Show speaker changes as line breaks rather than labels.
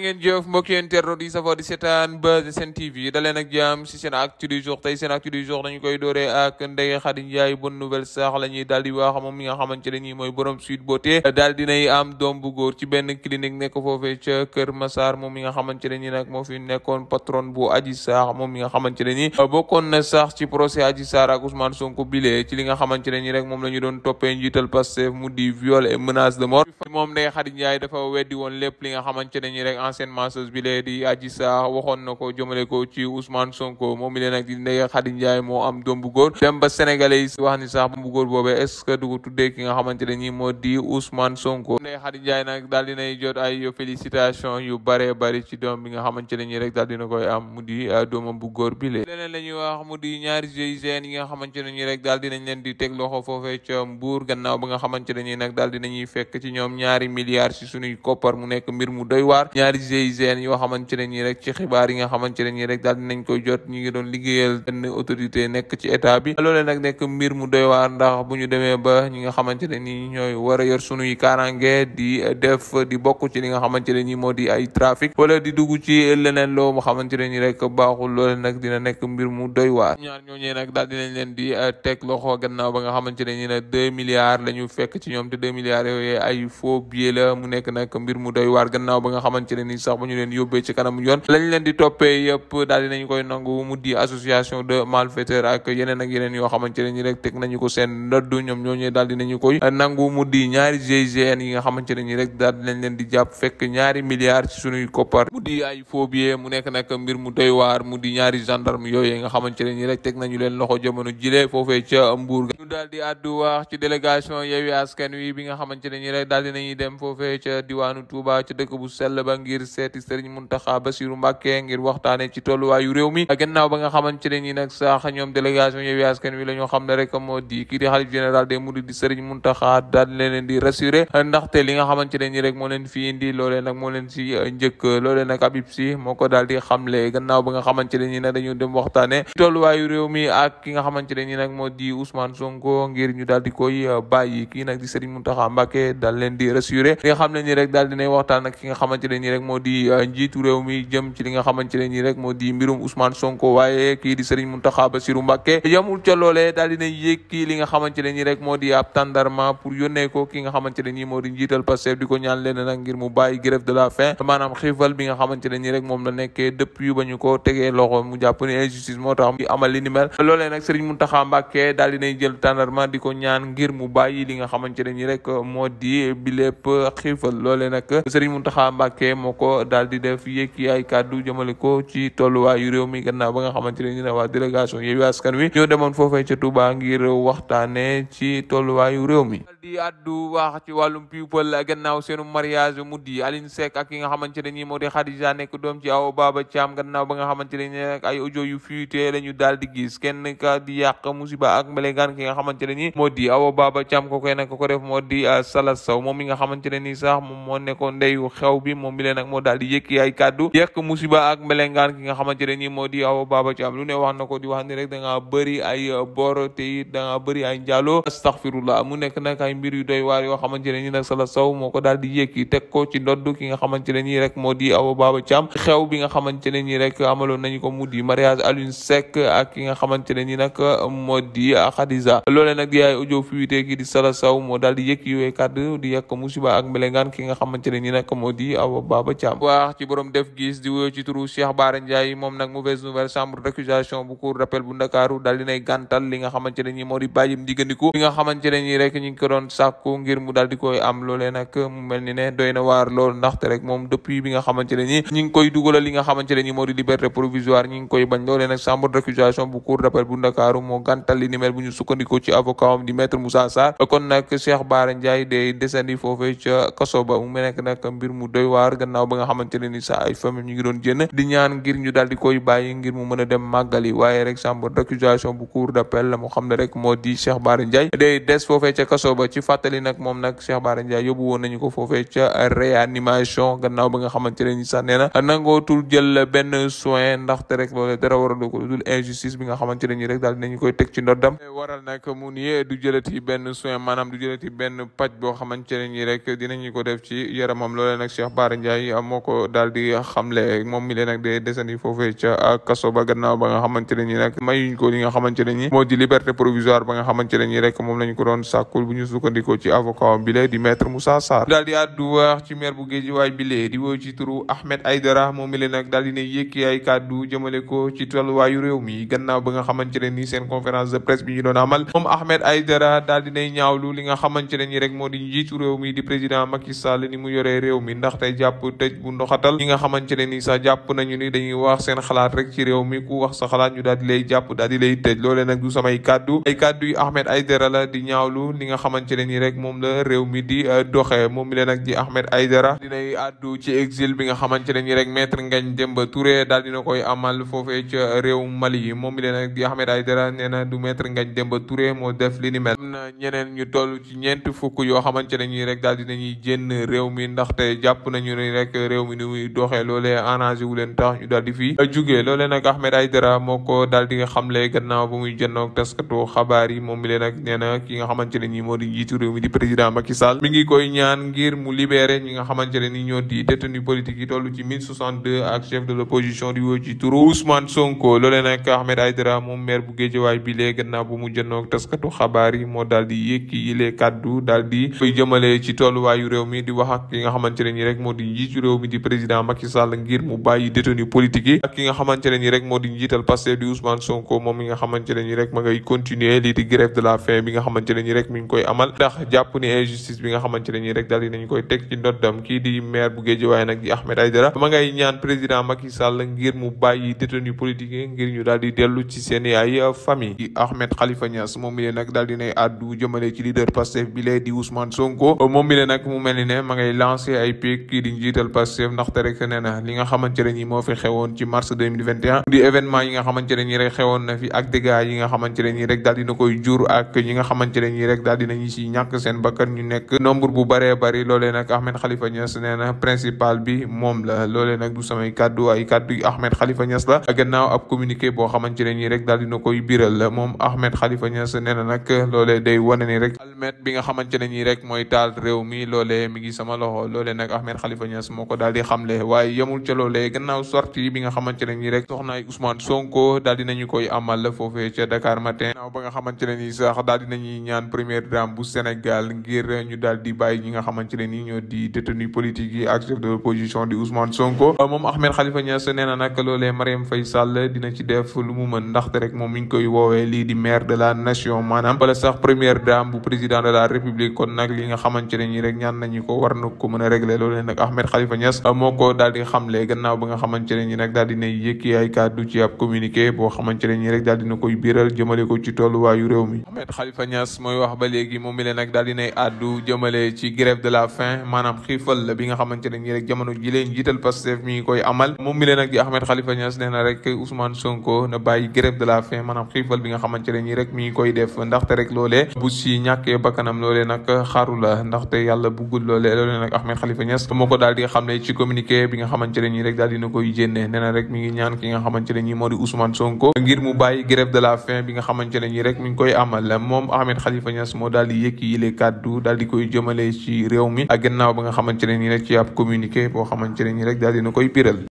ngeen jëf mbokk yéen internautes yi safoo di seetaan Buzz Sen TV daleen ak jàmm si seen actu du jour tey seen actu du jour koy dooree ak Ndeye Khady Ndiaye bonne nouvelle sax la ñuy di wax mi nga xamante ne nii mooy borom Sweet Beauté daal dinay am doom bu ci benn clinique nekk foofee ca Kër Massar moom mi nga xamante ne nii nag moo na sax ci procès Adji Sarr ak Sonko bile ci li nga xamante ne nii rek moom la doon toppee njiital Pastef ancienne masseuse bi lee di Adji Sarr waxoon na ko jëmale ko ci Ousmane Sonko moom mi leen moo am doom bu góor dem ba sénégalais yi wax ni sax bu góor boobee est que du ko tuddee ki nga xamante ne nii moo di Ousmane Sonko Ndeye Khady Ndiaye nag daal dinay jot ay félicitation yu bare bari ci doom bi nga xamante ne nii rek daal dina koy am mu di euh, doomam bu góor bi lee la ñuy wax mu di ñaari GIGN yi nga xamante ne nii rek daal dinañ leen di teg loxo foofee ca Mbour gannaaw ba nga xamante ne nii nag daal dinañuy fekk ci ñoom ñaari milliards ci suñuy koppar mu nekk mbir mu doy waar ñaari GIGN yoo xamante ne nii rek ci xibaar yi nga xamante ne nii rek daal koy jot ñi doon liggéeyal benn autorité nekk ci état bi loolee nag nekk mbir mu doy war a yor sunuy di def li nga xamante ne nii moo di ay trafic wala di dugg ci leen di uh, teg loxo gannaaw ba nga xamante ne nii nag deux milliards la ñu fekk ci ñoom te deux milliards yooyu ay faux billets la mu nekk nag mbir mu doy waar gannaaw ba nga xamante ne ni sax ba ñu leen yóbbee ci kanam yoon lañ leen di toppee yëpp daal dinañ koy nangu mu di association de malfaiteurs ak yeneen ak yeneen yoo nañu rek daal nañu leen loxo jamono jile foofee ca Mbour ga ñu daal wax ci délégation Yewwi Askan Wi bi nga xamante ne ñi rek daal dinañuy dem foofee ca diwaanu Touba ca dëkk bu sell ba ngir seeti sëriñ Muntaxa Basiru Mbàkke ngir waxtaane ci tolluwaayu réew mi gannaaw ba nga xamante ne nii nag sax ñoom délégation Yewwi Askan Wi la ñoo xam ne rek moo di kii di xalif général des mourides di sëriñ Muntaxa daal leen di rassuré ndaxte li nga xamante ne nii rek moo leen fi indi loolee nag moo leen si uh, njëkk loolee nag Habib Sy moo ko daal di xamle gannaaw ba nga xamante ne nii nag dañu dem waxtaane ci tolluwaayu réew mi ak ki nga xamante ne nii nag moo di Ousmane Sonko ngir ñu daal di koy uh, bàyyi kii nag di sëriñ Muntaxa Mbàkke daal leen di rassuré li nga xam ne nii rek daal dinay waxtaan ak ki nga xamante ne nii rek moo di euh, njiitu réew mi jëm ci li nga xamante ne nii rek moo di mbirum Ousmane Sonko waaye kii di Serigne Mountakha Bassirou Mbacké yamul ca rek moo di xiifal bi nga xamante ne nii rek ko daal di def yékki ay kàddu jëmale ko ci tolluwaayu réew mi gannaaw ba nga xamante ne ñu ne waa délégation Yewwi Askan Wi ñoo demoon foofee ca Touba ngir waxtaane ci tolluwaayu réew mi di addu wax ci wàllum people gannaaw seenu mariage mu di Aline Seck ak ki nga xamante ne nii moo di Khadija nekk doom ci aw Baba Thiam gannaaw ba nga xamante ne nii la ñu daal di gis kenn ka di yàq musiba ak mbelegaan ki nga xamante ne nii moo di aw Baba Thiam ko koy nag ko def moo a Salas Sow moom mi nga xamante ne sax moom moo nekkoon xew bi moom mi moo daal di yëkki ay kàddu yekk musiba ak melengaan ki nga xamante ne nii moo di Awa Baba Thiam lu ne wax na ko di wax ni rek da ngaa ay bor te it da ay njaaloo astaghfirullah mu nekk nag ay mbir yu doy waar yoo xamante ne nii nag Salla Sow moo ko daal di yëkki teg ko ki nga ne nii rek moo di Awa Baba Thiam bi nga xamante ne nii rek amaloon nañu ko mu di mariage Alioune ki nga xamante ne nii nag moo di Khadija loolee nag di ay audio fuité ki di Salla Sow moo daal di yëkki yooyu kàddu di yekk musiba ak melengaan ki nga xamante ne Awa Baba Baba Thiam wax ci borom def gis di wuyoo ci turu Bara Ndiaye moom nag mauvaise nouvelle chambre d'accusation bu cour bu Ndakaaru daal dinay gàntal li nga xamante ne ñi di liberté provisoire ñi koy bañ loolee nag chambre d'accusation bu cour bu Ndakaaru moo gàntal li ni mel bu ci avocat am di maître Moussa kon nag Cheikh Bara Ndiaye day descendi foofee ca mu nekk nag mbir mu doy waar gannaaw gannaaw ba nga xamante ne ni sa ay famille ñu ngi doon génn di ñaan ngir ñu daal di koy bàyyi ngir mu mën a dem màggali waaye rek chambre d'accusation bu cour d'appel la xam ne rek moo di Cheikh Bara Ndiaye yóbbu woon nañu ko foofee ca réanimation gannaaw ba nga xamante ne ni sax nee na nangootul jël benn soin ndaxte rek loolu dara waralu ko dul injustice bi nga xamante ne ni rek daal dinañu koy teg ci ndoddam waral nag mu ni du jëlati benn soin maanaam du jëlati benn paj boo xamante ne ko def ci yaramam loolee nag Cheikh Bara yi moo ko daal di xamle moom mi leen nag de desandi foofee ca kaso ba gannaaw ba nga xamante ko li nga xamante ne nii moo di liberté provisoire ba nga xamante rek moom di maître Moussa Sarr daal di àddu wax ci maire bu Guédiawaye Ahmed Aïdara moom mi leen nag daal di ba nga xamante ne nii seen conférence li nga xamante ne nii rek moo di njiitu réew mi di président Macky Sall ni mu mi ndax tey tëj bu ndoxatal ñi nga xamante ne ni sax jàpp nañu ni dañuy wax seen xalaat rek ci réew mi ku wax sa xalaat ñu daal di lay jàpp daal di lay tëj loolee nag du samay kàddu ay kàddu yu Ahmed Aidara la di ñaawlu li nga xamante ne ni rek moom la réew mi di euh, doxee moom mi leen nag di Ahmed Aidara dinay àddu ci exil bi nga xamante ne ni rek maître Ngagne Demba Touré daal dina koy amal foofee ca réew Mali yi moom leen nag di Ahmed Aidara nee na du maître Ngagne Demba ture mo def li ni mel am na ñeneen ñu toll ci ñeent fukk yoo xamante ne ni rek daal dinañuy génn réew mi ndaxte jàpp nañu ni rek rek réew mi ni muy doxee loolee arrangé wu leen tax ñu daal di fi jugee loolee nag Ahmed Aïdara moo ko daal di nga xamle gannaaw ba muy jënnoog taskatu xabaar yi moom mi leen nag ki nga xamante ne nii moo di njiitu réew mi di président Macky Sall mi ngi koy ñaan ngir mu libéré ñi nga xamante ne nii ñoo di détenu politique yi toll ci 1062 ak chef de l'opposition di woo ci turu Ousmane Sonko loolee nag Ahmed Aïdara moom maire bu Guédiawaye bi lee gannaaw bu mu jënnoog taskatu xabaar yi moo daal di yëkki yilee kàddu daal di koy jëmale ci tolluwaayu réew mi di wax ak ki nga xamante ne nii rek moo di njiitu ci di président Macky Sall ngir mu bàyyi détenu politique yi ma ngay continuer lii di grève ngir ñu daal dellu ci seen ay famille Ahmed Khalifa Niass moom mi leen nag mu mel ma ngay lancé ay pic kii di njiital njiital Pastef ndaxte rek nee na li nga xamante ne nii moo fi xewoon ci mars 2021 di événement yi nga xamante ne nii rek xewoon na fi ak yi nga xamante ne nii rek daal dina koy jur ak ñi nga xamante ne nii rek daal dinañu si ñàkk seen bakkan ñu nekk nombre bu baree bari loolee nag Ahmed Khalifa Niass nee na principal bi moom la loolee nag du samay kàddu ay kàddu Ahmed Khalifa Niass la gannaaw ab communiqué boo xamante ne nii rek daal dina koy biral moom Ahmed Khalifa Niass nee na nag day wane Ahmed bi nga xamante ne rek mooy taal réew mi loolee mi ngi sama loxo loolee nag Ahmed Khalifa Niass moo ko daal di xamle waaye yemul ca loolee gannaaw sortie bi nga ne nii rek soxnaay Ousmane Sonko daal di nañu koy amal foofee ca Dakar matin. naaw ba nga xamante ne daal di nañuy ñaan première dame bu Sénégal ngir ñu daal di bàyyi ñi nga xamante ne nii ñoo di détenu politique yi ak chef de l'opposition di Ousmane Sonko. moom Ahmed Khalifa Niass nee na nag loolee Marième Faye dina ci def lu mu mën ndaxte rek moom mi ngi koy woowee lii di maire de la nation maanaam wala sax président de la république kon nag li nga xamante ne rek ñaan nañu ko war na a régler loolee nag Ahmed Khalifa Niass moo ko daal di xamle gannaaw ba nga biral jëmale ci tolluwaayu wax ba léegi moom mi leen nag daal dinay àddu jëmale ci grève de la faim maanaam xiifal la bi nga xamante ne ñi rek jamono ji leen jiital Pastef mi ngi koy bi nga xamante ne ñi rek mi ngi koy def ndaxte rek loolee bu si ñàkkee bakkanam loole nag xaaru la ndaxte yàlla buggul loolee loolee nag Ahmed Khalifa Niass moo ko daal di xamle ci communiqué bi nga xamante ne nii rek daal dina koy jénne nee na mi ngi ñaan ki nga xamante ne nii moo di Ousmane Sonko ngir mu bàyyi grève de la faim bi nga xamante ne nii rek mi ngi koy amal moom Ahmed Khalifa Niass moo daal di yëkki yile kàddu daal di koy jëmale ci réew mi ak gannaaw ba nga xamante ne nii rek ci ab communiqué boo xamante ne nii rek daal na koy pirel